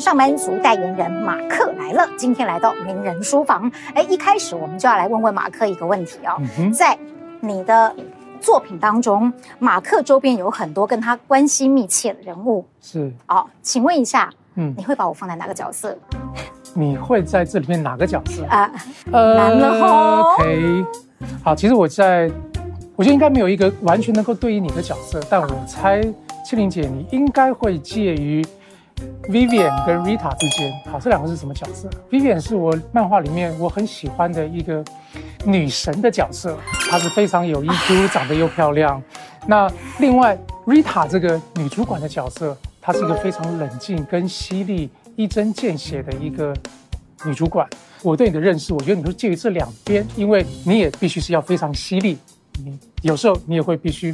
上班族代言人馬克來了，今天來到名人書房。哎，一開始我們就要來問問馬克一個問題哦，嗯。在你的作品當中，馬克周邊有很多跟他關係密切的人物，是哦，請問一下，嗯，你會把我放在哪個角色？你會在這裡面哪個角色啊？呃難，OK，好，其實我在，我覺得應該沒有一個完全能夠對應你的角色，但我猜慶玲姐，你應該會介於。Vivian 跟 Rita 之間，好，這兩個是什麼角色？Vivian 是我漫畫裡面我很喜歡的一個女神的角色，她是非常有 EQ，長得又漂亮。那另外 Rita 這個女主管的角色，她是一個非常冷靜跟犀利、一針見血的一個女主管。我對你的認識，我覺得你都介於這兩邊，因為你也必須是要非常犀利。你有時候你也會必須，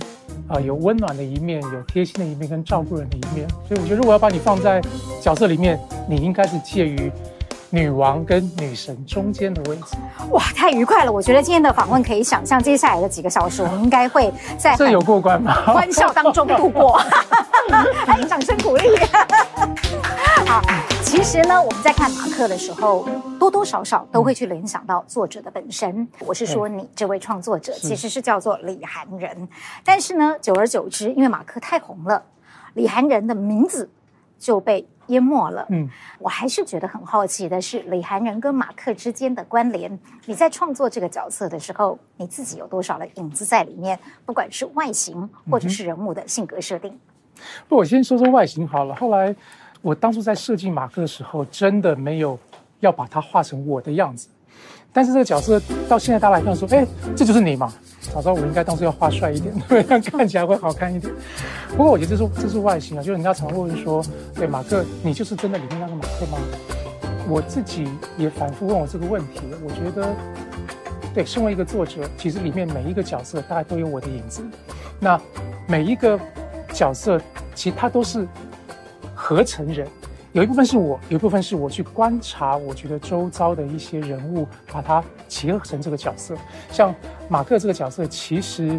啊，有溫暖的一面，有貼心的一面，跟照顧人的一面。所以我覺得如果要把你放在角色裡面，你應該是介於女王跟女神中間的位置。哇，太愉快了！我覺得今天的訪問可以想象，接下來的幾個小時我們應該會在這有過關嗎？歡笑當中度過，來， 掌聲鼓勵。其實呢，我們在看馬克的時候，多多少少都會去聯想到作者的本身。我是說你，你、嗯、這位創作者其實是叫做李含仁，但是呢，久而久之，因為馬克太紅了，李含仁的名字就被淹沒了。嗯，我還是覺得很好奇的是李含仁跟馬克之間的關聯。你在創作這個角色的時候，你自己有多少的影子在裡面？不管是外形，或者是人物的性格設定、嗯。不，我先說說外形好了。後來。我當初在設計馬克的時候，真的沒有要把它畫成我的樣子，但是這個角色到現在大家來看說：“哎、欸，這就是你嘛？”早知道我應該當初要畫帥一點，這樣看起來會好看一點。不過我覺得這是這是外形啊，就是人家常會說：“對、欸、馬克，你就是真的裡面那個馬克嗎？”我自己也反覆問我這個問題。我覺得，對，身為一個作者，其實裡面每一個角色，大概都有我的影子。那每一個角色，其實他都是。合成人，有一部分是我，有一部分是我去觀察，我覺得周遭的一些人物，把他結合成這個角色。像馬克這個角色，其實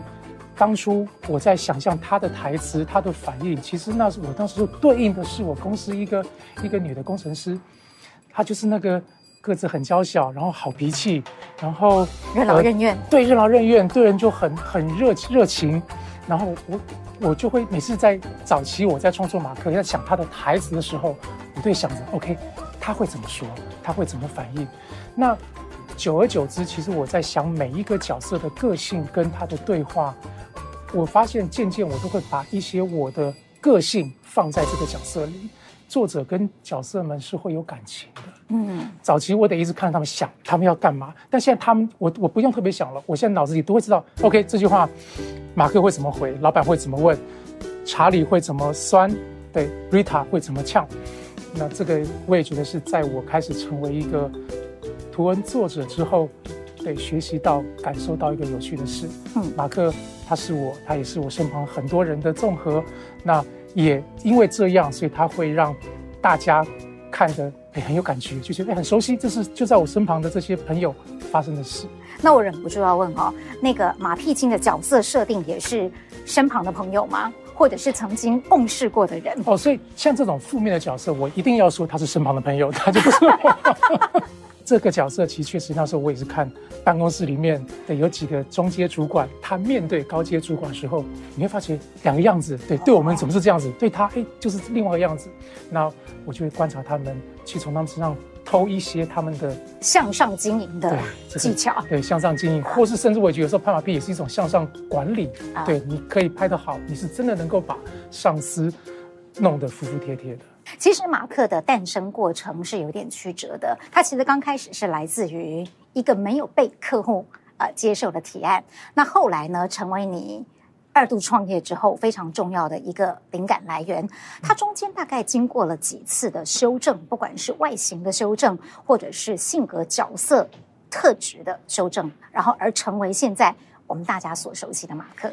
當初我在想象他的台詞、他的反應，其實那是我當時就對應的是我公司一個一個女的工程師，她就是那個個子很嬌小，然後好脾氣，然後任勞任怨，呃、對，任勞任怨，對人就很很熱熱情。然後我，我就會每次在早期我在創作馬克，在想他的台詞的時候，我就會想着 OK，他會怎麼說，他會怎麼反應。那久而久之，其實我在想每一個角色的個性跟他的對話，我發現漸漸我都會把一些我的個性放在這個角色裡。作者跟角色們是會有感情的。嗯，早期我得一直看他們想他們要幹嘛，但現在他們，我我不用特別想了，我現在腦子裡都會知道。OK，這句話，馬克會怎麼回？老板會怎麼問？查理會怎麼酸？對，Rita 會怎麼嗆？那這個我也覺得是在我開始成為一個圖文作者之後，得學習到感受到一個有趣的事。嗯，馬克他是我，他也是我身旁很多人的綜合。那。也因為這樣，所以他會讓大家看得誒、哎、很有感覺，就覺得很熟悉，這是就在我身旁的這些朋友發生的事。那我忍不住要問哦，那個馬屁精的角色設定也是身旁的朋友嗎？或者是曾經共事過的人？哦，所以像這種負面的角色，我一定要說他是身旁的朋友，他就不是。 這個角色其實確實，那時候我也是看辦公室裡面的有幾個中階主管，他面對高階主管的時候，你會發覺兩個樣子，對，對我們總是這樣子，對他哎就是另外一個樣子。那我就會觀察他們，去從他們身上偷一些他們的對對對向上經營的技巧，對，向上經營，或是甚至我也覺得有時候拍馬屁也是一種向上管理，對，你可以拍得好，你是真的能夠把上司弄得服服帖帖的。其實馬克的誕生過程是有點曲折的。他其實剛開始是來自於一個沒有被客戶呃接受的提案。那後來呢，成為你二度創業之後非常重要的一個靈感來源。他中間大概經過了幾次的修正，不管是外形的修正，或者是性格、角色特質的修正，然後而成為現在我們大家所熟悉的馬克。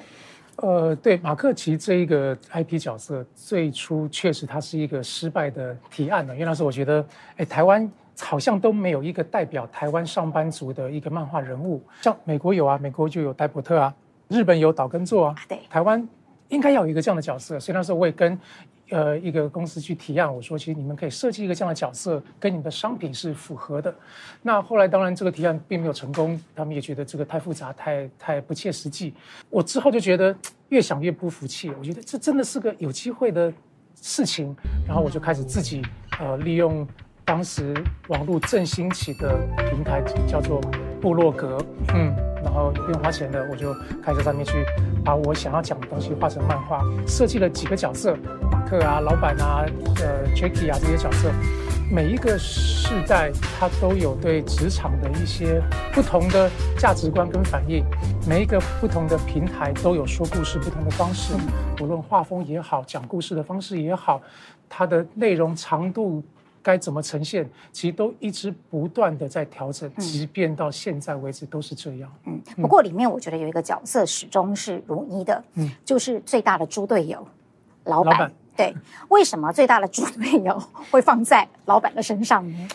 呃，對，馬克奇這一個 IP 角色，最初確實他是一個失敗的提案呢。因為那時候我覺得，誒，台灣好像都沒有一個代表台灣上班族的一個漫畫人物，像美國有啊，美國就有呆伯特啊，日本有島耕作啊，啊對，台灣應該要有一個這樣的角色。所以那時候我也跟，呃，一個公司去提案，我說其實你們可以設計一個這樣的角色，跟你的商品是符合的。那後來當然這個提案並沒有成功，他們也覺得這個太複雜，太太不切實際。我之後就覺得越想越不服氣，我覺得這真的是個有機會的事情。然後我就開始自己呃利用當時網絡正興起的平台叫做部落格，嗯，然後不用花錢的，我就開始上面去把我想要講的東西畫成漫畫，設計了幾個角色。啊，老闆啊，呃，Jackie 啊、這些角色，每一個世代他都有對職場的一些不同的價值觀跟反應，每一個不同的平台都有說故事不同的方式，嗯、無論畫風也好，講故事的方式也好，它的內容長度該怎麼呈現，其實都一直不斷的在調整，嗯，即便到現在為止都是這樣嗯。嗯，不過裡面我覺得有一個角色始終是如一的，嗯，就是最大的豬隊友，老闆。老闆對，為什麼最大的豬隊友會放在老闆的身上呢？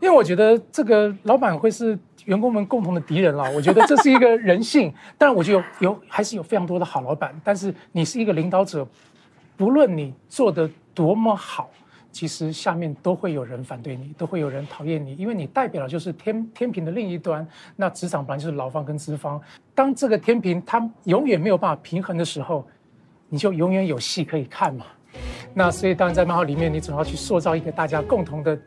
因為我覺得這個老闆會是員工們共同的敵人啦。我覺得這是一個人性，但 我覺得有還是有非常多的好老闆。但是你是一個領導者，不論你做的多麼好，其實下面都會有人反對你，都會有人討厭你，因為你代表了就是天天平的另一端。那職場本來就是勞方跟資方，當這個天平它永遠沒有辦法平衡的時候，你就永遠有戲可以看嘛。那所以當然，在漫畫裡面，你總要去塑造一個大家共同的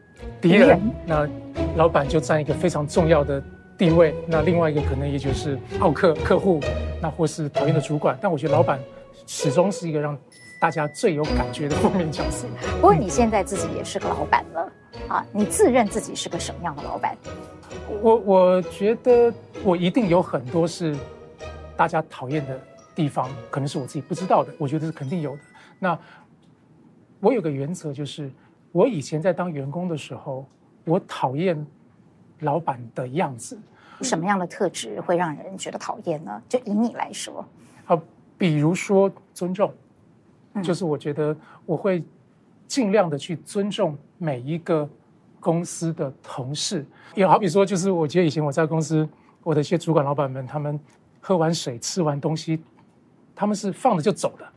敵人，人。那老闆就占一個非常重要的地位。那另外一個可能也就是奧客客，客戶，那或是討厭的主管。但我覺得老闆始終是一個讓大家最有感覺的負面角色，嗯。不過你現在自己也是個老闆了啊！你自認自己是個什麼樣的老闆？我我覺得我一定有很多是大家討厭的地方，可能是我自己不知道的。我覺得是肯定有的。那。我有個原則，就是我以前在當員工的時候，我討厭老板的樣子。什麼樣的特質會讓人覺得討厭呢？就以你來說，好，比如說尊重，就是我覺得我會儘量的去尊重每一個公司的同事。也好比說，就是我覺得以前我在公司，我的一些主管老板們，他們喝完水、吃完東西，他們是放了就走了，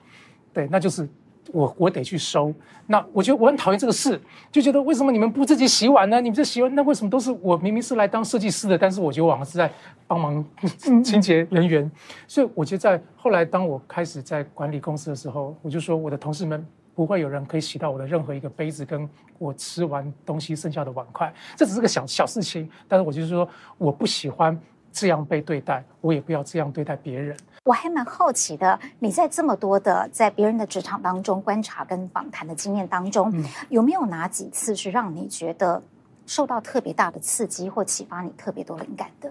對，那就是。我我得去收，那我覺得我很討厭這個事，就覺得為什麼你們不自己洗碗呢？你們這洗碗，那為什麼都是我？明明是來當設計師的，但是我覺得我好像是在幫忙清潔人員。所以我覺得，在後來當我開始在管理公司的時候，我就說我的同事們不會有人可以洗到我的任何一個杯子，跟我吃完東西剩下的碗筷。這只是個小小事情，但是我就是說我不喜歡這樣被對待，我也不要這樣對待別人。我還蠻好奇的，你在這麼多的在別人的職場當中觀察跟訪談的經驗當中，嗯，有沒有哪幾次是讓你覺得受到特別大的刺激或啟發，你特別多靈感的？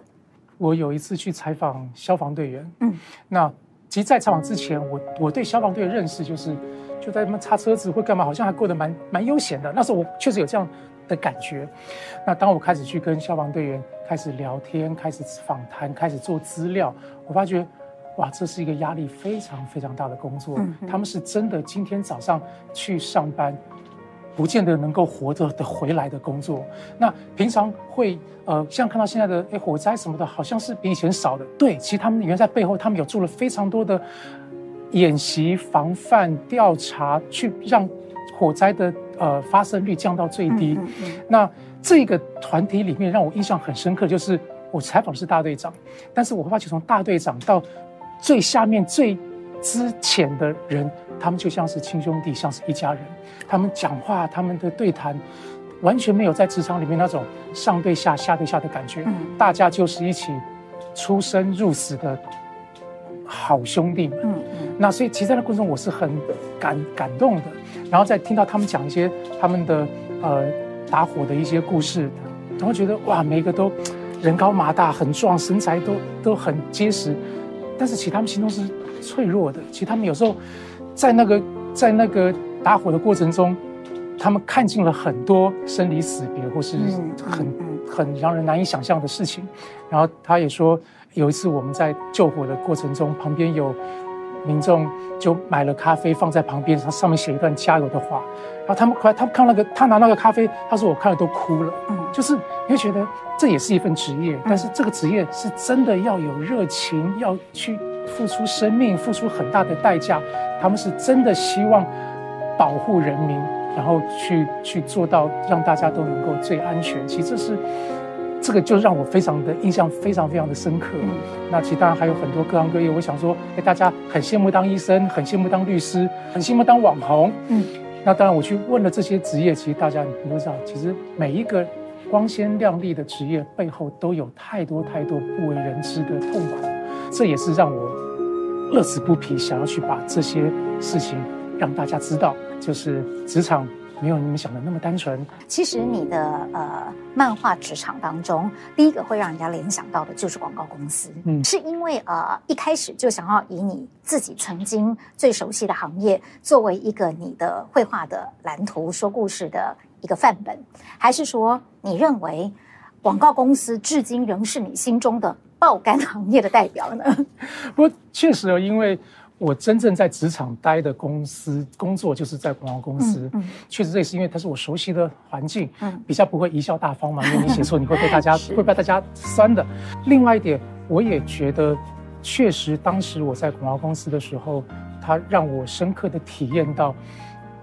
我有一次去採訪消防隊員，嗯，那其實，在採訪之前，我我對消防隊的認識就是，就在他們擦車子或幹嘛，好像還過得蠻蠻悠閒的。那時候我確實有這樣的感覺。那當我開始去跟消防隊員開始聊天，開始訪談，開始做資料，我發覺。哇，這是一個壓力非常非常大的工作，嗯。他們是真的今天早上去上班，不見得能夠活着的回來的工作。那平常會呃，像看到現在的誒火災什麼的，好像是比以前少的。對，其實他們原來在背後，他們有做了非常多的演習、防範、調查，去讓火災的呃發生率降到最低。嗯，那這個團體裡面讓我印象很深刻，就是我採訪的是大隊長，但是我會發覺從大隊長到最下面、最資淺的人，他們就像是親兄弟，像是一家人。他們講話，他們的對談，完全沒有在職場裡面那種上對下、下對下的感覺。嗯、大家就是一起出生入死的好兄弟。嗯，嗯那所以，其實在那過程中我是很感感動的。然後再聽到他們講一些他們的呃打火的一些故事，然後覺得哇，每一個都人高馬大，很壯，身材都都很結實。但是其實他們心中是脆弱的。其實他們有時候在那個在那個打火的過程中，他們看盡了很多生離死別或是很很讓人難以想象的事情。然後他也說，有一次我們在救火的過程中，旁邊有。民眾就買了咖啡放在旁邊，他上面寫一段加油的話，然後他們快。他他看那個他拿那個咖啡，他說我看了都哭了，嗯，就是你會覺得這也是一份職業，嗯，但是這個職業是真的要有熱情，要去付出生命，付出很大的代價，他們是真的希望保護人民，然後去去做到讓大家都能夠最安全，其實這是。這個就讓我非常的印象非常非常的深刻。嗯，那其實當然還有很多各行各業，我想說，哎，大家很羨慕當醫生，很羨慕當律師，很羨慕當網紅。嗯，那當然我去問了這些職業，其實大家你會知道，其實每一個光鮮亮麗的職業背後都有太多太多不為人知的痛苦。這也是讓我樂此不疲，想要去把這些事情讓大家知道，就是職場。沒有你們想的那麼單純。其實你的呃，漫畫職場當中，第一個會讓人家聯想到的就是廣告公司。嗯，是因為呃，一開始就想要以你自己曾經最熟悉的行業作為一個你的繪畫的藍圖、說故事的一個範本，還是說你認為廣告公司至今仍是你心中的爆肝行業的代表呢？我確實因為。我真正在職場待的公司工作就是在廣告公司，嗯嗯、確實這也是因為它是我熟悉的環境，嗯、比較不會貽笑大方嘛。如果你寫錯，你會被大家 會被大家酸的。另外一點，我也覺得，確實當時我在廣告公司的時候，它讓我深刻的體驗到，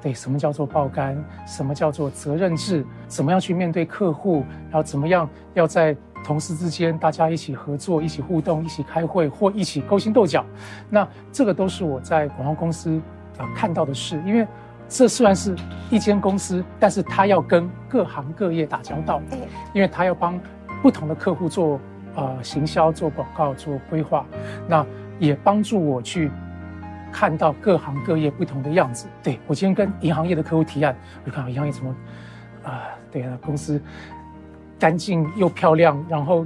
對什麼叫做爆肝，什麼叫做責任制，怎麼樣去面對客戶，然後怎麼樣要在。同事之間大家一起合作、一起互動、一起開會或一起勾心鬥角，那這個都是我在廣告公司啊看到的事。因為這雖然是一間公司，但是他要跟各行各業打交道，對、嗯哎，因為他要幫不同的客戶做啊、呃、行銷、做廣告、做規劃，那也幫助我去看到各行各業不同的樣子。對，我今天跟銀行業的客戶提案，我看到銀行業怎麼啊、呃？對啊，公司。乾淨又漂亮，然後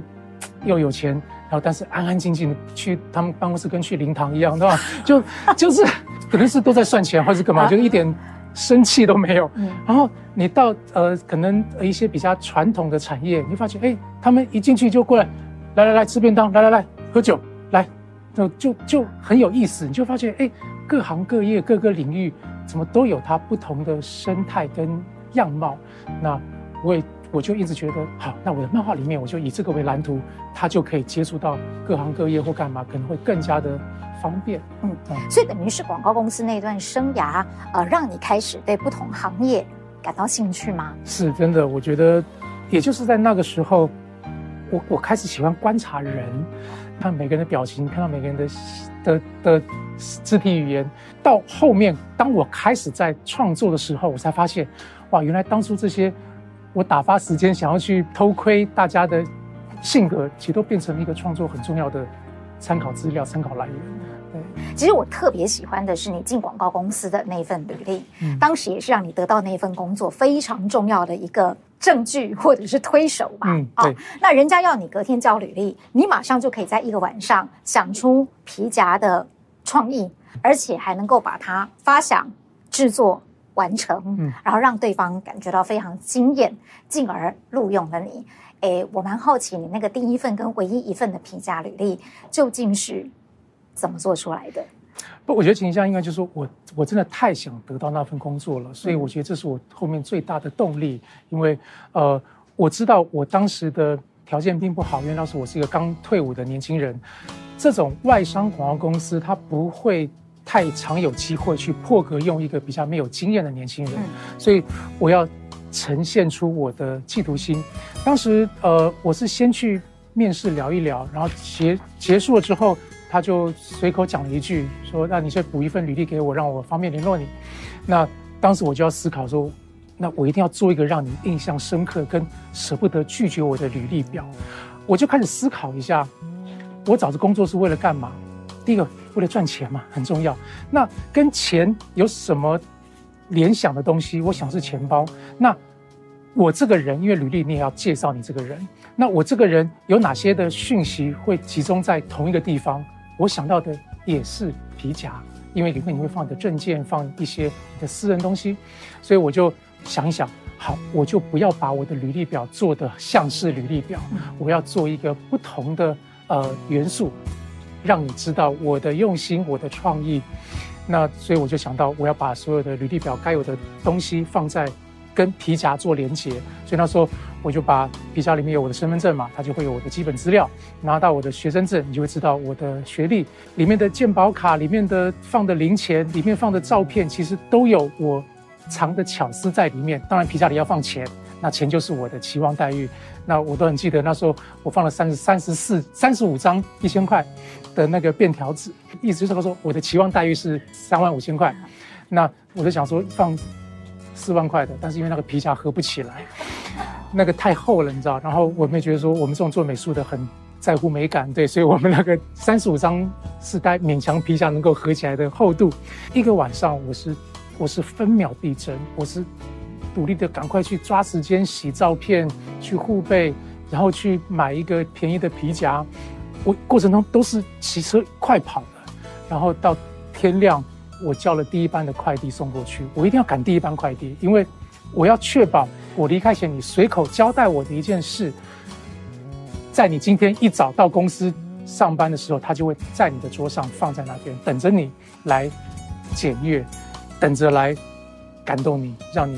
又有錢，然後但是安安靜靜的去他們辦公室，跟去靈堂一樣，對吧？就就是可能是都在算錢，或者是幹嘛，就一點生氣都沒有。啊、然後你到呃，可能一些比較傳統的產業，你發現哎、欸，他們一進去就過來，來來來吃便當，來來來喝酒，來就就就很有意思。你就發現哎、欸，各行各業各個領域怎麼都有它不同的生態跟樣貌。那我也。我就一直覺得好，那我的漫畫裡面我就以這個為藍圖，它就可以接觸到各行各業或幹嘛，可能會更加的方便。嗯對、嗯，所以等於是廣告公司那一段生涯，呃，讓你開始對不同行業感到興趣嗎？是真的，我覺得，也就是在那個時候，我我開始喜歡觀察人，看每個人的表情，看到每個人的的的肢體語言。到後面，當我開始在創作的時候，我才發現，哇，原來當初這些。我打發時間，想要去偷窺大家的性格，其實都變成一個創作很重要的參考資料、參考來源。對，其實我特別喜歡的是你進廣告公司的那份履歷，嗯，當時也是讓你得到那份工作非常重要的一個證據或者是推手吧。啊，嗯哦，那人家要你隔天交履歷，你馬上就可以在一個晚上想出皮夾的創意，而且還能夠把它發想製作完成，嗯，然後讓對方感覺到非常驚艷，進而錄用了你。哎，我蠻好奇你那個第一份跟唯一一份的評價履歷究竟是怎麼做出來的？不，我覺得情形下應該就是我，我真的太想得到那份工作了，所以我覺得這是我後面最大的動力。因為，呃，我知道我當時的條件並不好，因為當時我是一個剛退伍的年輕人，這種外商廣告公司它不會。太常有機會去破格用一個比較沒有經驗的年輕人。嗯，所以我要呈現出我的企圖心。當時呃，我是先去面試聊一聊，然後結結束了之後，他就隨口講了一句說：“那你先補一份履歷給我，讓我方便聯絡你。那”那當時我就要思考說：“那我一定要做一個讓你印象深刻跟捨不得拒絕我的履歷表。”我就開始思考一下，我找這工作是為了幹嘛？第一個，為了賺錢嘛，很重要。那跟錢有什麼聯想的東西？我想是錢包。那我這個人，因為履歷你也要介紹你這個人。那我這個人有哪些的訊息會集中在同一個地方？我想到的也是皮夾，因為裡面你會放你的證件，放一些你的私人東西。所以我就想一想，好，我就不要把我的履歷表做得像是履歷表，我要做一個不同的呃元素。讓你知道我的用心，我的創意。那所以我就想到，我要把所有的履歷表該有的東西放在跟皮夾做連接。所以那時候，我就把皮夾裡面有我的身份證嘛，它就會有我的基本資料。拿到我的學生證，你就會知道我的學歷。裡面的健保卡裡面的放的零錢，裡面放的照片，其實都有我藏的巧思在裡面。當然，皮夾裡要放錢。那錢就是我的期望待遇，那我都很記得那時候我放了三十三十四三十五張一千塊的那個便條紙，意思就是說我的期望待遇是三萬五千塊，那我就想說放四萬塊的，但是因為那個皮夾合不起來，那個太厚了，你知道？然後我們也覺得說我們這種做美術的很在乎美感，對，所以我們那個三十五張是帶勉強皮夾能夠合起來的厚度。一個晚上我是我是分秒必爭，我是。努力的趕快去抓時間洗照片，去護貝，然後去買一個便宜的皮夾。我過程中都是騎車快跑的，然後到天亮，我叫了第一班的快遞送過去。我一定要趕第一班快遞，因為我要確保我離開前你隨口交代我的一件事，在你今天一早到公司上班的時候，他就會在你的桌上放在那邊，等着你來檢閱，等着來。感動你，讓你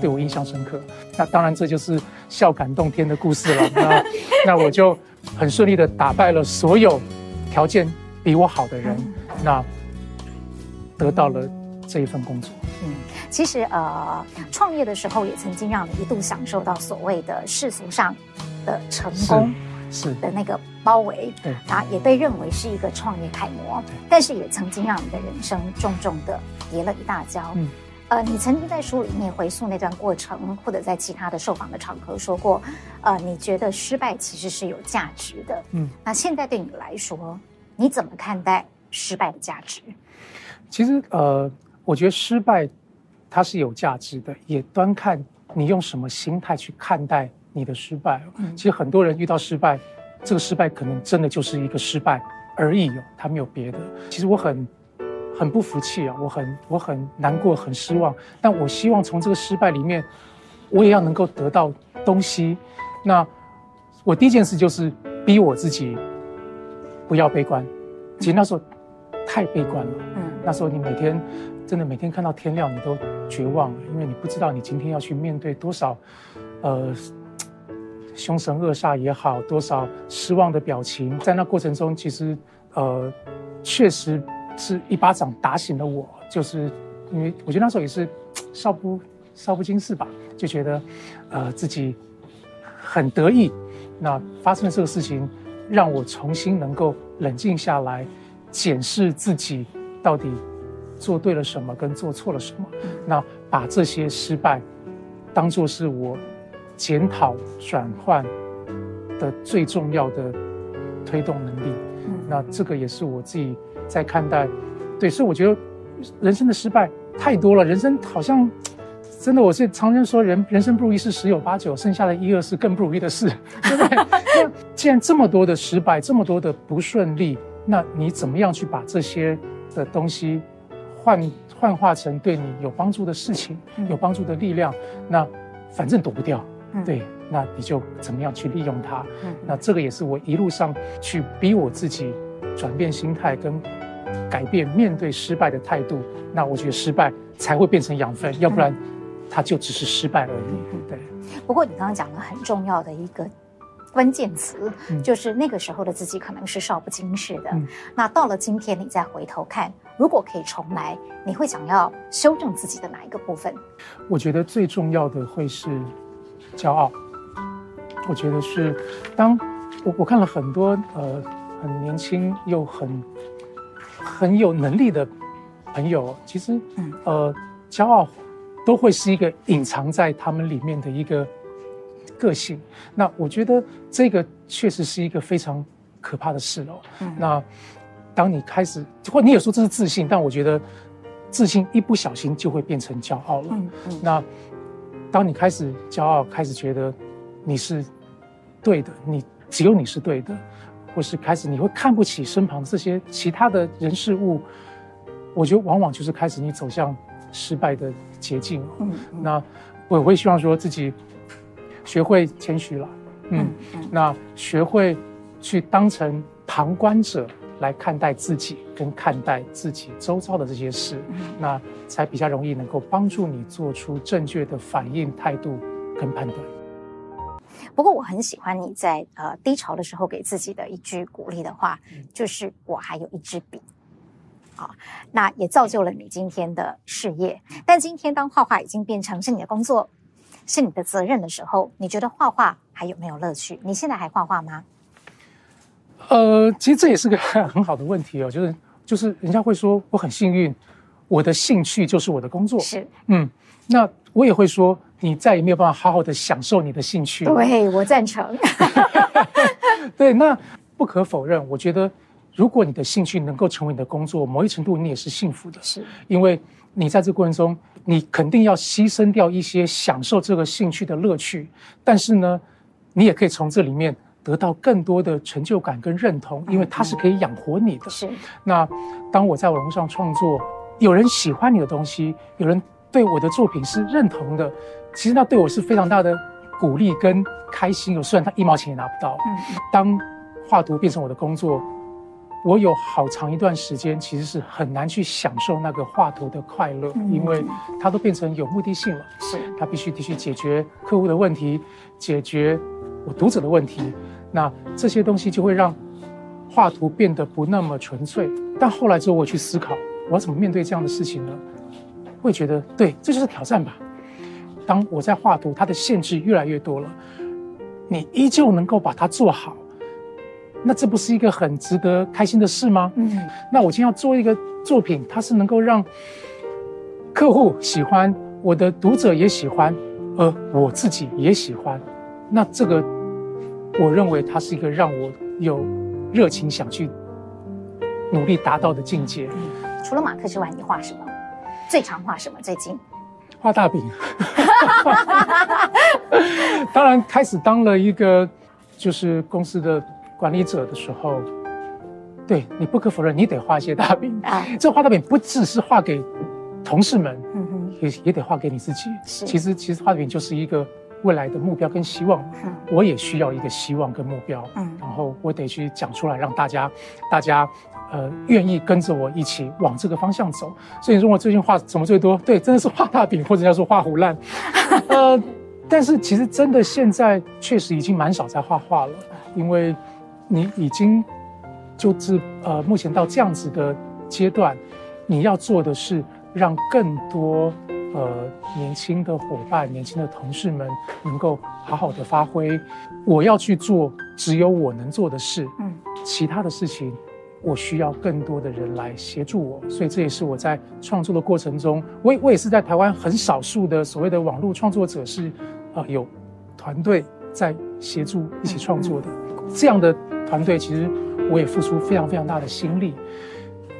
對我印象深刻。那當然，這就是孝感動天的故事了。 那那我就很順利的打敗了所有條件比我好的人，嗯，那得到了這一份工作。嗯，其實呃，創業的時候也曾經讓你一度享受到所謂的世俗上的成功，是的，那個包圍，對啊，也被認為是一個創業楷模，嗯。但是也曾經讓你的人生重重的跌了一大跤。嗯。呃，你曾經在書裡面回溯那段過程，或者在其他的受訪的場合說過，呃，你覺得失敗其實是有價值的。嗯，那現在對你來說，你怎麼看待失敗的價值？其實，呃，我覺得失敗它是有價值的，也端看你用什麼心態去看待你的失敗。嗯，其實很多人遇到失敗，這個失敗可能真的就是一個失敗而已哦，他它沒有別的。其實我很。很不服氣啊！我很我很難過，很失望。但我希望從這個失敗裡面，我也要能夠得到東西。那我第一件事就是逼我自己不要悲觀。其實那時候太悲觀了。嗯。那時候你每天真的每天看到天亮，你都絕望，因為你不知道你今天要去面對多少呃凶神惡煞也好，多少失望的表情。在那過程中，其實呃確實。是一巴掌打醒了我，就是因為我覺得那時候也是少不少不經事吧，就覺得呃自己很得意。那發生了這個事情，讓我重新能夠冷靜下來，檢視自己到底做對了什麼跟做錯了什麼。嗯、那把這些失敗當做是我檢討轉換的最重要的推動能力。嗯、那這個也是我自己。在看待，對，所以我覺得人生的失敗太多了。人生好像真的，我是常常說人人生不如意事十有八九，剩下的一二是更不如意的事，對不對？ 那既然這麼多的失敗，這麼多的不順利，那你怎麼樣去把這些的東西換、幻化成對你有幫助的事情、嗯、有幫助的力量？那反正躲不掉，嗯、對，那你就怎麼樣去利用它、嗯？那這個也是我一路上去逼我自己轉變心態跟。改變面對失敗的態度，那我覺得失敗才會變成養分，要不然，它就只是失敗而已。嗯、對不對？不過你剛剛講了很重要的一個關鍵詞，嗯、就是那個時候的自己可能是少不經事的、嗯。那到了今天，你再回頭看，如果可以重來，你會想要修正自己的哪一個部分？我覺得最重要的會是驕傲。我覺得是，當我我看了很多呃，很年輕又很。很有能力的朋友，其實，嗯、呃，驕傲都會是一個隱藏在他們裡面的一個個性。那我覺得這個確實是一個非常可怕的事哦。嗯、那當你開始，或你也說這是自信，但我覺得自信一不小心就會變成驕傲了。嗯嗯，那當你開始驕傲，開始覺得你是對的，你只有你是對的。嗯或是開始你會看不起身旁這些其他的人事物，我覺得往往就是開始你走向失敗的捷徑。嗯，嗯，那我也會希望說自己學會謙虛了，嗯嗯，嗯，那學會去當成旁觀者來看待自己，跟看待自己周遭的這些事，嗯，那才比較容易能夠幫助你做出正確的反應態度跟判斷。不過我很喜歡你在呃低潮的時候給自己的一句鼓勵的話，就是我還有一支筆。好，哦，那也造就了你今天的事業。但今天當畫畫已經變成是你的工作，是你的責任的時候，你覺得畫畫還有沒有樂趣？你現在還畫畫嗎？呃，其實這也是個很好的問題哦，就是就是人家會說我很幸運，我的興趣就是我的工作。是，嗯，那我也會說。你再也沒有辦法好好的享受你的興趣。對，我贊成。 對，那不可否認，我覺得，如果你的興趣能夠成為你的工作，某一程度你也是幸福的。是，因為你在這過程中，你肯定要犧牲掉一些享受這個興趣的樂趣，但是呢，你也可以從這裡面得到更多的成就感跟認同，因為它是可以養活你的。是、嗯。那當我在網絡上創作，有人喜歡你的東西，有人。對我的作品是認同的，其實那對我是非常大的鼓勵跟開心。我雖然他一毛錢也拿不到。嗯，當畫圖變成我的工作，我有好長一段時間其實是很難去享受那個畫圖的快樂，嗯、因為它都變成有目的性了。是，它必須得去解決客戶的問題，解決我讀者的問題。那這些東西就會讓畫圖變得不那麼純粹。但後來之後，我去思考，我要怎麼面對這樣的事情呢？會覺得對，這就是挑戰吧。當我在畫圖，它的限制越來越多了，你依舊能夠把它做好，那這不是一個很值得開心的事嗎？嗯。那我今天要做一個作品，它是能夠讓客戶喜歡，我的讀者也喜歡，而我自己也喜歡，那這個我認為它是一個讓我有熱情想去努力達到的境界。嗯，除了馬克之外，你畫什麼？最常畫什麼？最近，畫大餅。 當然，開始當了一個就是公司的管理者的時候，對，你不可否認，你得畫一些大餅。哎，這畫大餅不只是畫給同事們，嗯、也也得畫給你自己。其實，其實畫餅就是一個。未來的目標跟希望，我也需要一個希望跟目標，嗯，然後我得去講出來，讓大家，大家，呃，願意跟着我一起往這個方向走。所以說我最近畫什麼最多？對，真的是畫大餅或者叫做畫虎爛， 呃，但是其實真的現在確實已經蠻少在畫畫了，因為，你已經就，就是呃，目前到這樣子的階段，你要做的是讓更多。呃，年輕的夥伴、年輕的同事們能夠好好的發揮，我要去做只有我能做的事。嗯，其他的事情，我需要更多的人來協助我。所以這也是我在創作的過程中我，我我也是在台灣很少數的所謂的網絡創作者是，是呃有團隊在協助一起創作的。這樣的團隊其實我也付出非常非常大的心力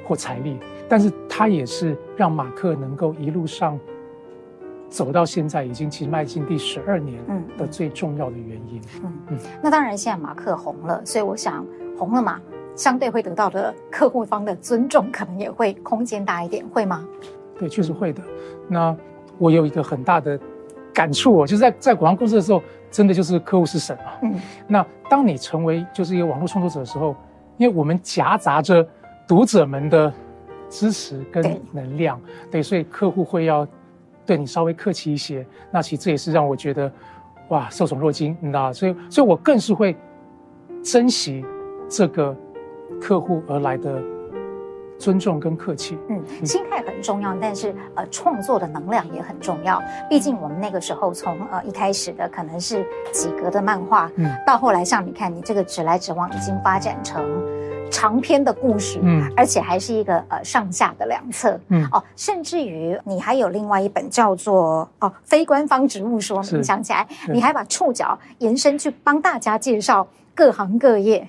或財力，但是它也是讓馬克能夠一路上。走到現在已經其實邁進第十二年，嗯，的最重要的原因，嗯嗯，嗯。那當然，現在馬克紅了，所以我想紅了嘛，相對會得到的客戶方的尊重可能也會空間大一點，會嗎？對，確實會的。那我有一個很大的感觸哦就是在在廣告公司的時候，真的就是客戶是神嘛。嗯。那當你成為就是一個網絡創作者的時候，因為我們夾雜着讀者們的支持跟能量，對，對所以客戶會要。對你稍微客氣一些，那其實這也是讓我覺得，哇，受寵若驚，你知道，所以，所以我更是會珍惜這個客戶而來的尊重跟客氣。嗯，心態很重要，但是呃，創作的能量也很重要。畢竟我們那個時候從呃一開始的可能是幾格的漫畫，嗯，到後來像你看你這個指來指往，已經發展成。長篇的故事，嗯，而且還是一個呃上下的兩冊，嗯哦，甚至於你還有另外一本叫做哦、呃、非官方職務說明，想起來，你還把觸角延伸去幫大家介紹各行各業，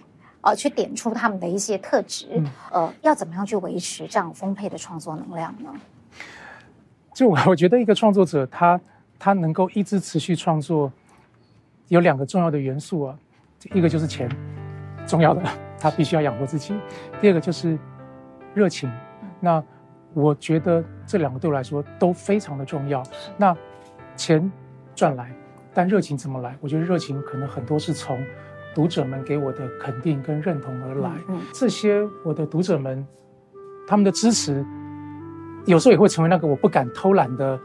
啊、呃，去點出他們的一些特質、嗯，呃，要怎麼樣去維持這樣豐沛的創作能量呢？就我我覺得，一個創作者他他能夠一直持續創作，有兩個重要的元素啊，一個就是錢，重要的。他必須要養活自己。第二個就是熱情。那我覺得這兩個對我來說都非常的重要。那錢賺來，但熱情怎麼來？我覺得熱情可能很多是從讀者們給我的肯定跟認同而來。嗯嗯、這些我的讀者們他們的支持，有時候也會成為那個我不敢偷懶的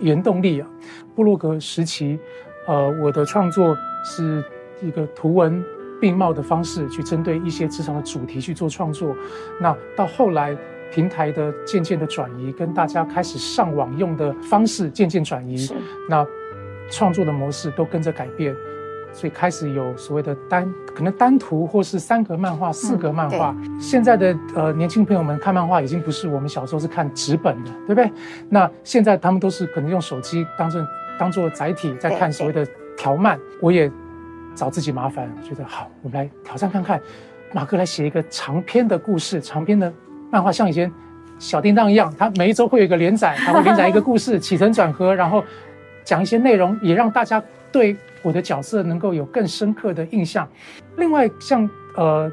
原動力啊。部落格時期，呃，我的創作是一個圖文。並茂的方式去針對一些職場的主題去做創作，那到後來平台的漸漸的轉移，跟大家開始上網用的方式漸漸轉移，那創作的模式都跟着改變，所以開始有所謂的單可能單圖或是三格漫畫、嗯、四格漫畫、嗯。現在的呃年輕朋友們看漫畫已經不是我們小時候是看紙本的，對不對？那現在他們都是可能用手機當成當做載體在看所謂的條漫，我也。找自己麻煩，我覺得好，我們來挑戰看看。馬克來寫一個長篇的故事，長篇的漫畫，像以前小叮當一樣，他每一周會有一個連載，他會連載一個故事， 起承轉合，然後講一些內容，也讓大家對我的角色能夠有更深刻的印象。另外像，像呃，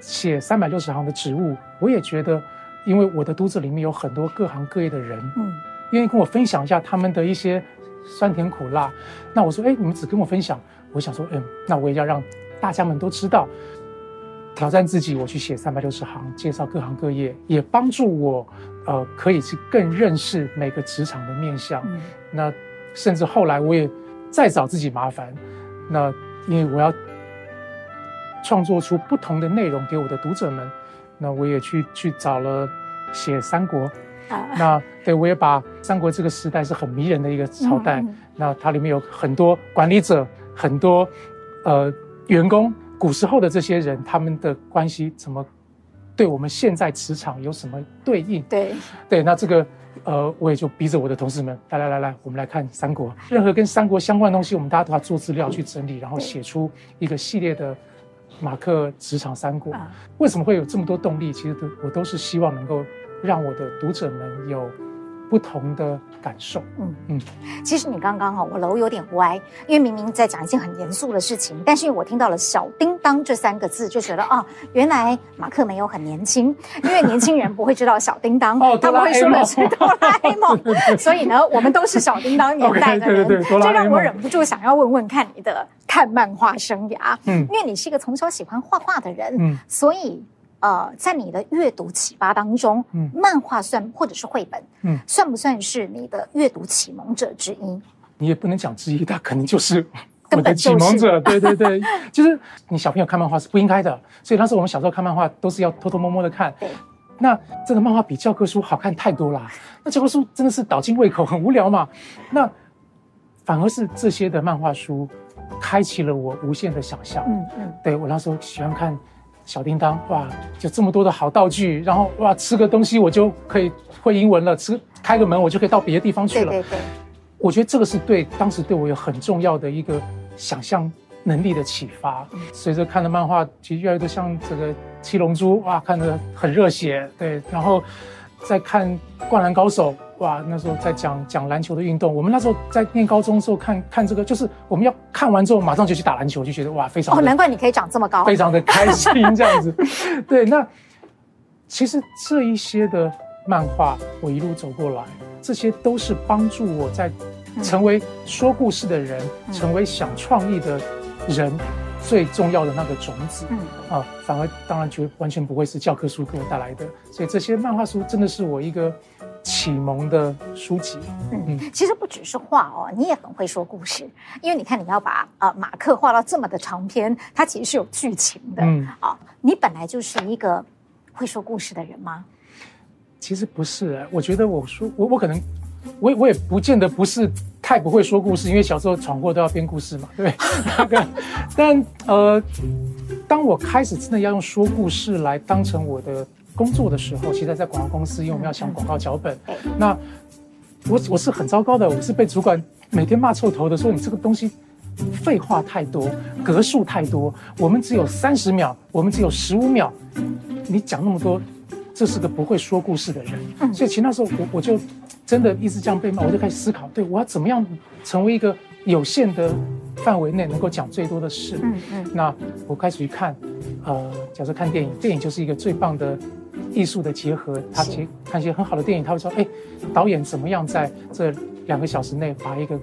寫三百六十行的職務，我也覺得，因為我的讀者裡面有很多各行各業的人，嗯，願意跟我分享一下他們的一些酸甜苦辣。那我說，哎，你們只跟我分享。我想說，嗯，那我也要讓大家們都知道，挑戰自己，我去寫三百六十行，介紹各行各業，也幫助我，呃，可以去更認識每個職場的面向，嗯。那甚至後來我也再找自己麻煩，那因為我要創作出不同的內容給我的讀者們，那我也去去找了寫三國。啊、那對我也把三國這個時代是很迷人的一個朝代，嗯，那它裡面有很多管理者。很多，呃，員工，古時候的這些人，他們的關係怎麼，對我們現在職場有什麼對應？對對，那這個，呃，我也就逼着我的同事們，來來來來，我們來看三國。任何跟三國相關的東西，我們大家都要做資料去整理，然後寫出一個系列的《馬克職場三國》。為什麼會有這麼多動力？其實都我都是希望能夠讓我的讀者們有。不同的感受，嗯嗯。其實你剛剛啊、哦，我頭有點歪，因為明明在講一件很嚴肅的事情，但是因為我聽到了“小叮當”這三個字，就覺得啊、哦，原來馬克沒有很年輕，因為年輕人不會知道小叮當， 他們會說的是哆啦 A 夢，哦，哆啦 A 夢 對對對，所以呢，我們都是小叮當年代的人。 okay, 對對對，讓我忍不住想要問問看你的看漫畫生涯，嗯，因為你是一個從小喜歡畫畫的人，嗯，所以。呃，在你的閱讀啟發當中，嗯，漫畫算或者是繪本，嗯，算不算是你的閱讀啟蒙者之一？你也不能講之一，他肯定就是我的啟蒙者。對對對， 就是你小朋友看漫畫是不應該的，所以當時我們小時候看漫畫都是要偷偷摸摸的看。那這個漫畫比教科書好看太多了，那教科書真的是倒盡胃口，很無聊嘛。那反而是這些的漫畫書，開啟了我無限的想象。嗯嗯，對，我那時候喜歡看。小叮噹，哇，就這麼多的好道具，然後哇，吃個東西我就可以會英文了，吃開個門我就可以到別的地方去了。對對對，我覺得這個是對當時對我有很重要的一個想象能力的啟發。嗯。隨着看的漫畫，其實越來越像這個《七龍珠》，哇，看的很熱血，對，然後。在看《灌籃高手》，哇，那時候在講講籃球的運動。我們那時候在念高中時候，看看這個，就是我們要看完之後馬上就去打籃球，就覺得哇，非常。哦，難怪你可以長這麼高。非常的開心這樣子， 對。那其實這一些的漫畫，我一路走過來，這些都是幫助我在成為說故事的人，嗯、成為想創意的人。最重要的那個種子，嗯啊、哦，反而當然就完全不會是教科書給我帶來的，所以這些漫畫書真的是我一個啟蒙的書籍嗯。嗯，其實不只是畫哦，你也很會說故事，因為你看你要把、呃、馬克畫到這麼的長篇，它其實是有劇情的，嗯啊、哦，你本來就是一個會說故事的人嗎？其實不是、欸，我覺得我說我我可能，我也我也不見得不是。太不會說故事，因為小時候闖禍都要編故事嘛，對不對？ 但呃，當我開始真的要用說故事來當成我的工作的時候，其實，在廣告公司，因為我們要想廣告腳本，那我我是很糟糕的，我是被主管每天罵臭頭的說，說你這個東西廢話太多，格數太多，我們只有三十秒，我們只有十五秒，你講那麼多。這是個不會說故事的人，所以其實那時候我我就真的一直這樣被罵，我就開始思考，對，我要怎麼樣成為一個有限的範圍內能夠講最多的事。嗯嗯。那我開始去看，呃，假設看電影，電影就是一個最棒的藝術的結合。他其實看一些很好的電影，他會說，誒，導演怎麼樣在這兩個小時內把一個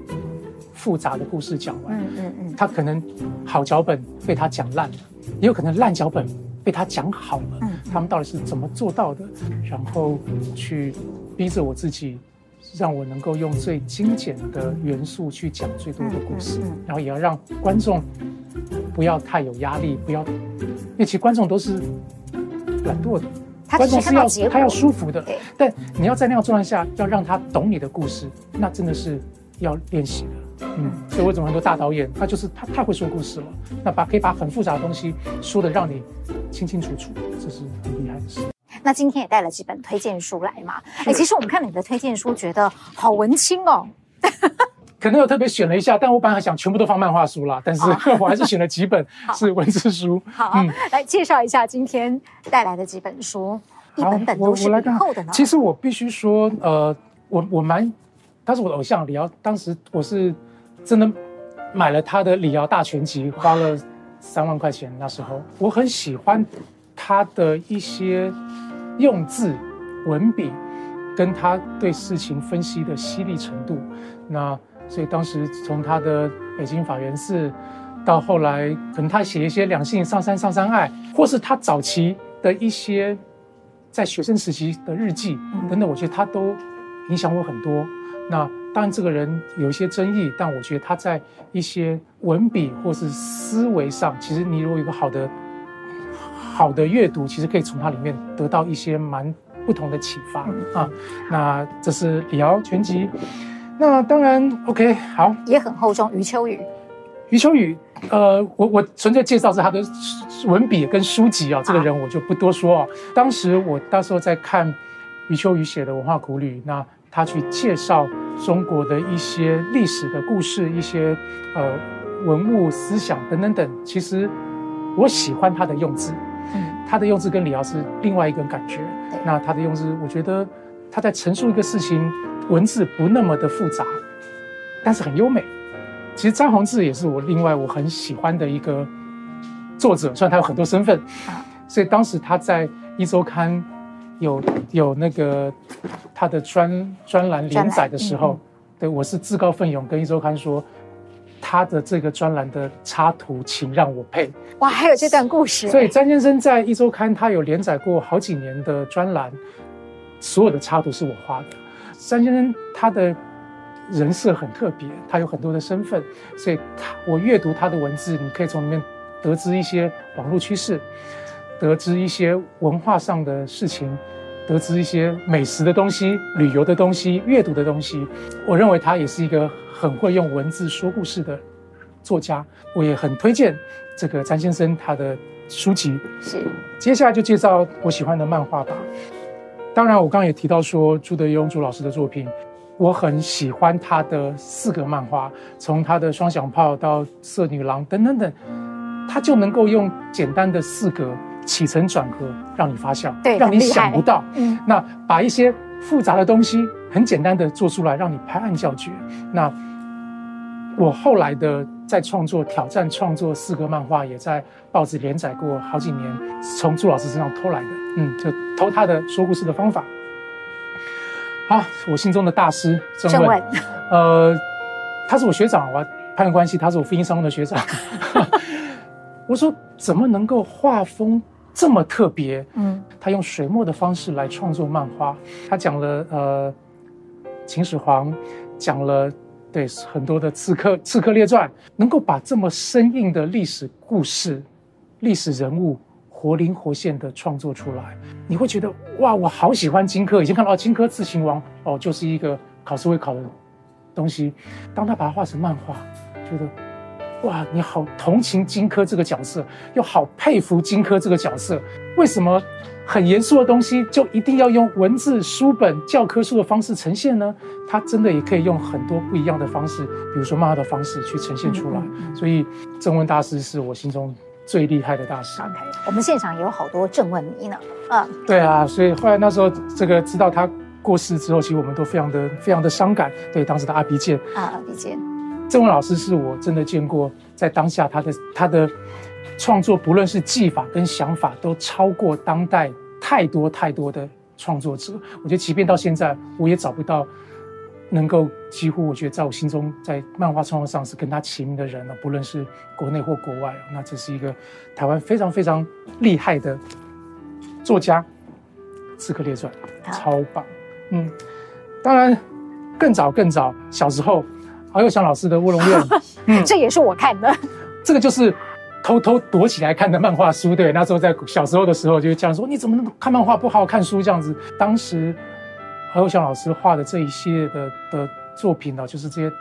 複雜的故事講完？嗯嗯，嗯。他可能好腳本被他講爛了，也有可能爛腳本。被他講好了。嗯，他們到底是怎麼做到的？嗯。然後去逼着我自己，讓我能夠用最精簡的元素去講最多的故事，嗯嗯嗯，然後也要讓觀眾不要太有壓力，不要，因為其實觀眾都是懶惰的，嗯，觀眾是要他，他要舒服的，但你要在那樣狀態下要讓他懂你的故事，那真的是。要練習的，嗯，所以為什麼很多大導演他就是他太會說故事了，那把可以把很複雜的東西說的讓你清清楚楚，這是很厲害的事。那今天也帶了幾本推薦書來嘛，誒其實我們看你的推薦書覺得好文青哦， 可能有特別選了一下，但我本來想全部都放漫畫書啦。但是我還是選了幾本、哦、是文字書好、嗯。好，來介紹一下今天帶來的幾本書，一本本都是厚厚的呢，看看。其實我必須說，呃，我我蠻。他是我的偶像李敖，當時我是真的買了他的《李敖大全集》，花了三萬塊錢。那時候我很喜歡他的一些用字、文筆，跟他對事情分析的犀利程度。那所以當時從他的《北京法源寺》到後來，可能他寫一些《兩性》《上山》《上山愛》，或是他早期的一些在學生時期的日記等等，嗯、我覺得他都影響我很多。那當然，這個人有一些爭議，但我覺得他在一些文筆或是思維上，其實你如果有一個好的好的閱讀，其實可以從他裡面得到一些蠻不同的啟發、嗯、啊。那這是李敖全集、嗯。那當然，OK，好，也很厚重。余秋雨，余秋雨，呃，我我純粹介紹是他的文筆跟書籍、哦、啊。這個人我就不多說啊、哦。當時我那時候在看余秋雨寫的《文化苦旅》，那。他去介紹中國的一些歷史的故事，一些呃文物、思想等等等。其實我喜歡他的用字，嗯、他的用字跟李敖是另外一個感覺。那他的用字，我覺得他在陳述一個事情，文字不那麼的複雜，但是很優美。其實詹宏志也是我另外我很喜歡的一個作者，雖然他有很多身份。所以當時他在《壹週刊》有，有那個。他的專專欄連載的時候，嗯、對我是自告奮勇跟《一周刊》說，他的這個專欄的插圖，請讓我配。哇，還有這段故事、欸。所以詹先生在《一周刊》他有連載過好幾年的專欄，所有的插圖是我畫的。詹先生他的人設很特別，他有很多的身份，所以他，我閱讀他的文字，你可以從裡面得知一些網絡趨勢，得知一些文化上的事情。得知一些美食的東西、旅遊的東西、閱讀的東西，我認為他也是一個很會用文字說故事的作家。我也很推薦這個詹先生他的書籍。是，接下來就介紹我喜歡的漫畫吧。當然，我剛剛也提到說朱德庸朱老師的作品，我很喜歡他的四格漫畫，從他的《雙響炮》到《澀女郎》等等等，他就能夠用簡單的四格。起承轉合，讓你發笑，讓你想不到。嗯，那把一些複雜的東西很簡單的做出來，讓你拍案叫絕。那我後來的在創作挑戰創作四格漫畫，也在報紙連載過好幾年，從朱老師身上偷來的。嗯，就偷他的說故事的方法。好、啊，我心中的大師鄭問，鄭問，呃，他是我學長，我攀關係，他是我復興商工的學長。 我說怎麼能夠畫風？這麼特別，嗯，他用水墨的方式來創作漫畫，他講了呃，秦始皇，講了，對很多的刺客，刺客列傳，能夠把這麼生硬的歷史故事、歷史人物活靈活現的創作出來，你會覺得哇，我好喜歡荊軻，已經看到啊荊軻刺秦王哦，就是一個考試會考的，東西，當他把它畫成漫畫，覺得。哇，你好同情荊軻這個角色，又好佩服荊軻這個角色。為什麼很嚴肅的東西就一定要用文字、書本、教科書的方式呈現呢？他真的也可以用很多不一樣的方式，比如說漫畫的方式去呈現出來。嗯嗯嗯，所以，鄭問大師是我心中最厲害的大師。Okay, 我們現場也有好多鄭問迷呢。啊、uh, 對啊，所以後來那時候這個知道他過世之後，其實我們都非常的非常的傷感。對當時的阿鼻劍啊，uh, 阿鼻劍。鄭問老師是我真的見過，在當下他的他的創作，不論是技法跟想法，都超過當代太多太多的創作者。我覺得，即便到現在，我也找不到能夠幾乎我覺得在我心中，在漫畫創作上是跟他齊名的人了，不論是國內或國外。那這是一個台灣非常非常厲害的作家，《刺客列傳》超棒。嗯，當然更早更早，小時候。敖幼祥老師的《烏龍院》。 嗯，這也是我看的，這個就是偷偷躲起來看的漫畫書，對。那時候在小時候的時候，就這樣說：“你怎麼能看漫畫不好好看書？”這樣子。當時敖幼祥老師畫的這一系列的的作品呢，就是這些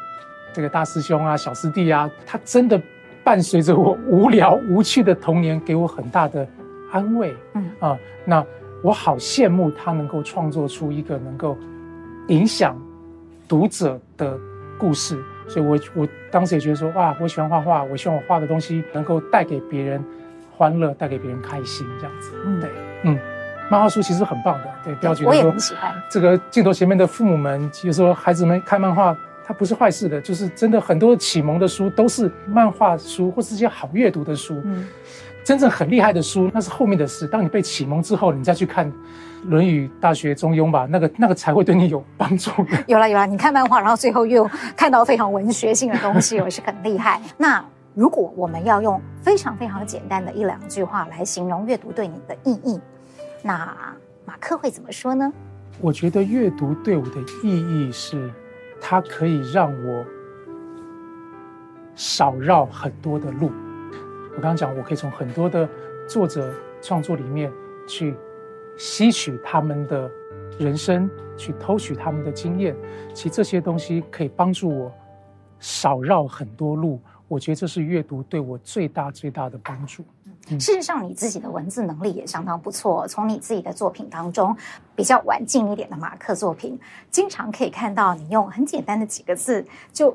這個大師兄啊、小師弟啊，他真的伴隨着我無聊無趣的童年，給我很大的安慰。嗯啊、呃，那我好羨慕他能夠創作出一個能夠影響讀者的故事，所以我、我我當時也覺得說，哇，我喜歡畫畫，我希望我畫的東西能夠帶給別人歡樂，帶給別人開心，這樣子，嗯。對，嗯，漫畫書其實很棒的，對，不要覺得說，啊、這個鏡頭前面的父母們，其實說孩子們看漫畫，它不是壞事的，就是真的很多啟蒙的書都是漫畫書，或是一些好閱讀的書。嗯真正很厲害的書，那是後面的事。當你被啟蒙之後，你再去看《論語》《大學》《中庸》吧，那個那個才會對你有幫助。有了有了，你看漫畫，然後最後又看到非常文學性的東西，我是很厲害。 那如果我們要用非常非常簡單的一兩句話來形容閱讀對你的意義，那馬克會怎麼說呢？我覺得閱讀對我的意義是，它可以讓我少繞很多的路。我剛剛講，我可以從很多的作者創作裡面去吸取他們的人生，去偷取他們的經驗。其實這些東西可以幫助我少繞很多路。我覺得這是閱讀對我最大最大的幫助。嗯、事實上，你自己的文字能力也相當不錯、哦。從你自己的作品當中，比較晚近一點的馬克作品，經常可以看到你用很簡單的幾個字就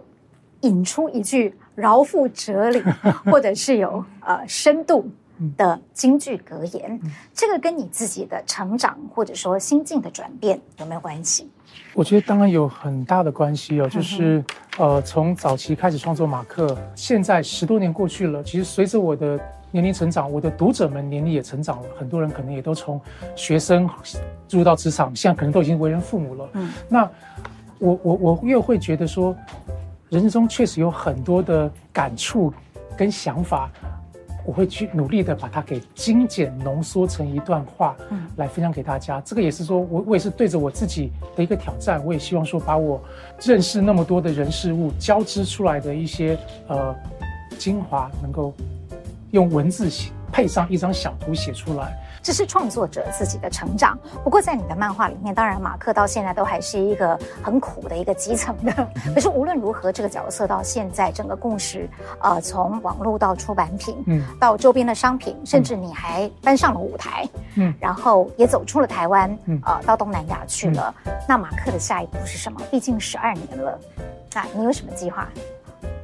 引出一句。饒富哲理，或者是有、 嗯、呃，深度的金句格言，嗯嗯，這個跟你自己的成長或者說心境的轉變有沒有關係？我覺得當然有很大的關係哦，就是呵呵、呃，從早期開始創作馬克，現在十多年過去了，其實隨着我的年齡成長，我的讀者們年齡也成長了，很多人可能也都從學生入到職場，現在可能都已經為人父母了。嗯，那我我我又會覺得說。人生中確實有很多的感觸跟想法，我會去努力的把它給精簡濃縮成一段話，來分享給大家。嗯，這個也是說我我也是對着我自己的一個挑戰，我也希望說把我認識那麼多的人事物交織出來的一些呃精華，能夠用文字寫配上一張小圖寫出來。這是創作者自己的成長。不過，在你的漫畫裡面，當然馬克到現在都還是一個很苦的一個基層的。可是無論如何，這個角色到現在整個故事，呃，從網絡到出版品，嗯，到周邊的商品，甚至你還搬上了舞台，嗯，然後也走出了台灣，啊、呃、到東南亞去了、嗯。那馬克的下一步是什麼？畢竟十二年了，那、啊、你有什麼計劃？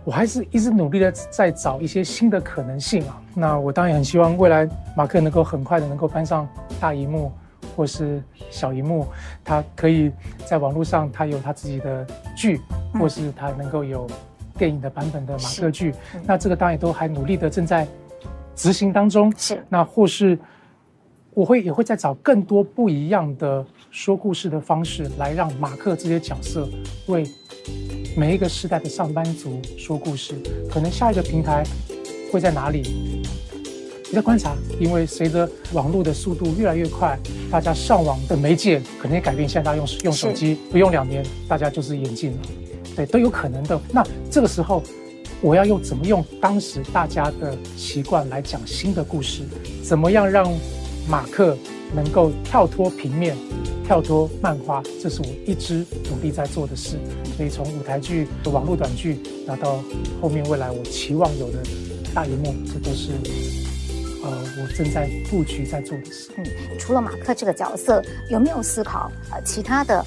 我還是一直努力的在找一些新的可能性啊。那我當然也很希望未來馬克能夠很快的能夠搬上大熒幕，或是小熒幕，他可以在網絡上，他有他自己的劇，或是他能夠有電影的版本的馬克劇。那這個當然也都還努力的正在執行當中。是。那或是我會也會再找更多不一樣的說故事的方式來讓馬克這些角色為每一個時代的上班族說故事，可能下一個平台會在哪裡？你在觀察，因為隨着網絡的速度越來越快，大家上網的媒介可能也改變。現在大家用用手機，不用兩年，大家就是眼鏡了，對，都有可能的。那這個時候，我要用怎麼用當時大家的習慣來講新的故事？怎麼樣讓？馬克能夠跳脫平面，跳脫漫畫，這是我一直努力在做的事。所以從舞台劇、網絡短劇，拿到後面未來我期望有的大熒幕，這都是呃我正在布局在做的事。嗯，除了馬克這個角色，有沒有思考呃其他的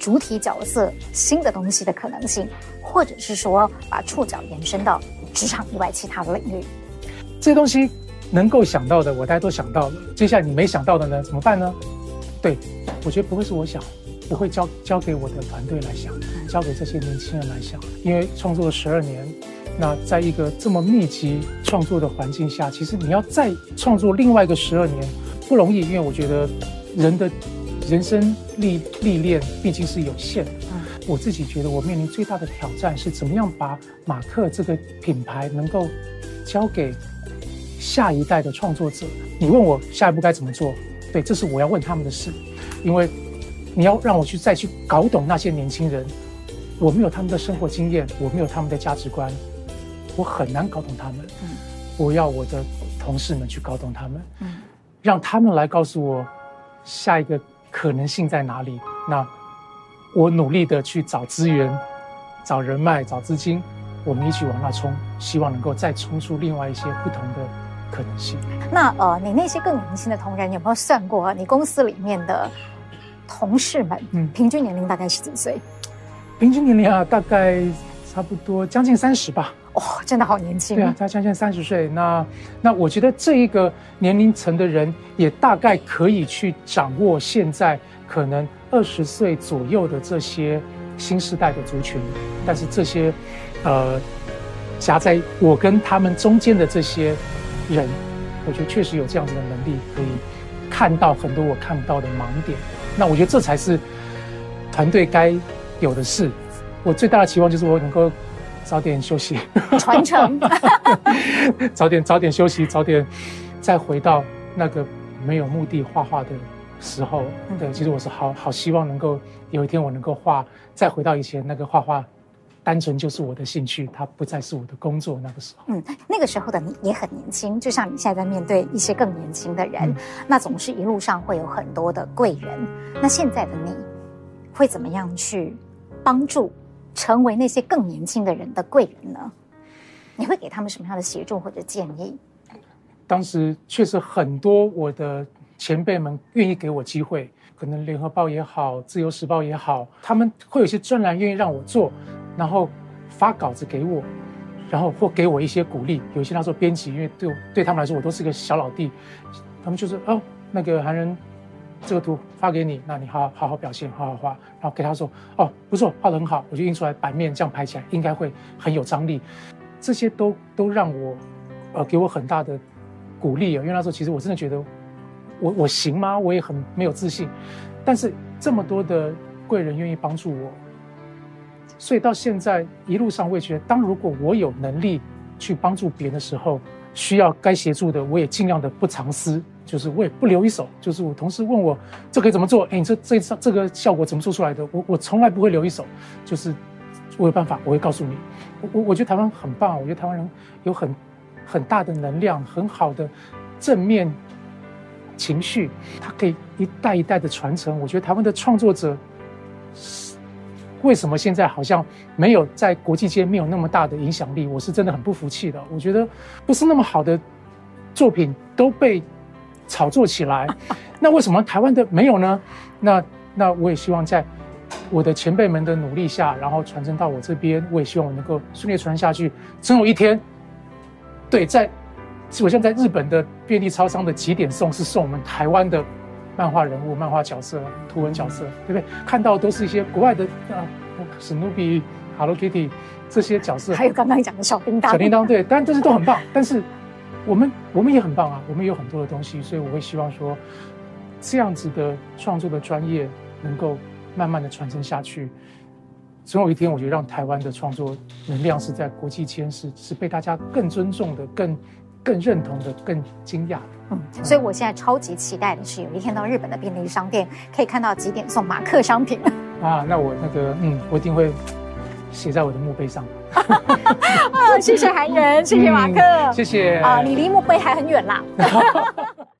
主體角色新的東西的可能性，或者是說把觸角延伸到職場以外其他的領域？這些、個、東西。能夠想到的，我大家都想到了。接下來你沒想到的呢？怎麼辦呢？對，我覺得不會是我想，不會交交給我的團隊來想，交給這些年輕人來想。因為創作了十二年，那在一個這麼密集創作的環境下，其實你要再創作另外一個十二年，不容易。因為我覺得人的人生歷歷練畢竟是有限的。嗯，我自己覺得我面臨最大的挑戰是怎麼樣把馬克這個品牌能夠交給下一代的創作者，你問我下一步該怎麼做？對，這是我要問他們的事，因為你要讓我去再去搞懂那些年輕人，我沒有他們的生活經驗，我沒有他們的價值觀，我很難搞懂他們。嗯，我要我的同事們去搞懂他們，嗯，讓他們來告訴我下一個可能性在哪裡。那我努力的去找資源、找人脈、找資金，我們一起往那衝，希望能夠再衝出另外一些不同的。可能性。那呃，你那些更年輕的同仁有沒有算過？你公司裡面的同事們，嗯，平均年齡大概是幾歲？平均年齡啊，大概差不多將近三十吧。哦，真的好年輕。對啊，他將近三十歲。那那我覺得這一個年齡層的人，也大概可以去掌握現在可能二十歲左右的這些新時代的族群。但是這些，呃，夾在我跟他們中間的這些。人，我覺得確實有這樣子的能力，可以看到很多我看不到的盲點。那我覺得這才是團隊該有的事。我最大的期望就是我能夠早點休息，傳承， 早點早點休息，早點再回到那個沒有目的畫畫的時候。對，其實我是好好希望能夠有一天我能夠畫，再回到以前那個畫畫。單純就是我的興趣，它不再是我的工作。那個時候，嗯，那個時候的你也很年輕，就像你現在在面對一些更年輕的人，嗯，那總是一路上會有很多的貴人。那現在的你會怎麼樣去幫助成為那些更年輕的人的貴人呢？你會給他們什麼樣的協助或者建議？當時確實很多我的前輩們願意給我機會，可能聯合報也好，自由時報也好，他們會有些專欄願意讓我做。然後發稿子給我，然後或給我一些鼓勵。有一些他說編輯，因為對對他們來說我都是個小老弟，他們就是哦，那個含仁這個圖發給你，那你好好好好表現，好好畫。然後給他說哦，不錯，畫得很好，我就印出來版面這樣排起來，應該會很有張力。這些都都讓我呃給我很大的鼓勵啊，因為那時候其實我真的覺得我我行嗎？我也很沒有自信，但是這麼多的貴人願意幫助我。所以到現在一路上，我也覺得，當如果我有能力去幫助別人的時候，需要該協助的，我也盡量的不藏私，就是我也不留一手。就是我同事問我，這可以怎麼做，哎，你這這這個效果怎麼做出來的？我我從來不會留一手，就是我有辦法我會告訴你。我我我覺得台灣很棒，我覺得台灣人有很很大的能量，很好的正面情緒，它可以一代一代的傳承。我覺得台灣的創作者，為什麼現在好像沒有在國際間沒有那麼大的影響力？我是真的很不服氣的。我覺得不是那麼好的作品都被炒作起來，那為什麼台灣的沒有呢？那那我也希望在我的前輩們的努力下，然後傳承到我這邊，我也希望我能夠順利傳下去。總有一天，對，在我現在在日本的便利超商的集點送，是送我們台灣的，漫畫人物、漫畫角色、圖文角色，嗯、對不對？看到都是一些國外的，啊、呃，史努比、Hello Kitty 這些角色，還有剛剛你講的小叮噹。小叮噹，對，但這些都很棒。嗯、但是我們我們也很棒啊，我們有很多的東西，所以我會希望說，這樣子的創作的專業能夠慢慢的傳承下去。總有一天，我覺得讓台灣的創作能量是在國際間是是被大家更尊重的、更更認同的、更驚訝的。嗯、所以我現在超級期待的是，有一天到日本的便利商店，可以看到幾點送馬克商品。啊，那我那個，嗯，我一定會寫在我的墓碑上。 哦、謝謝含仁，謝謝馬克，嗯、謝謝啊，你離墓碑還很遠啦。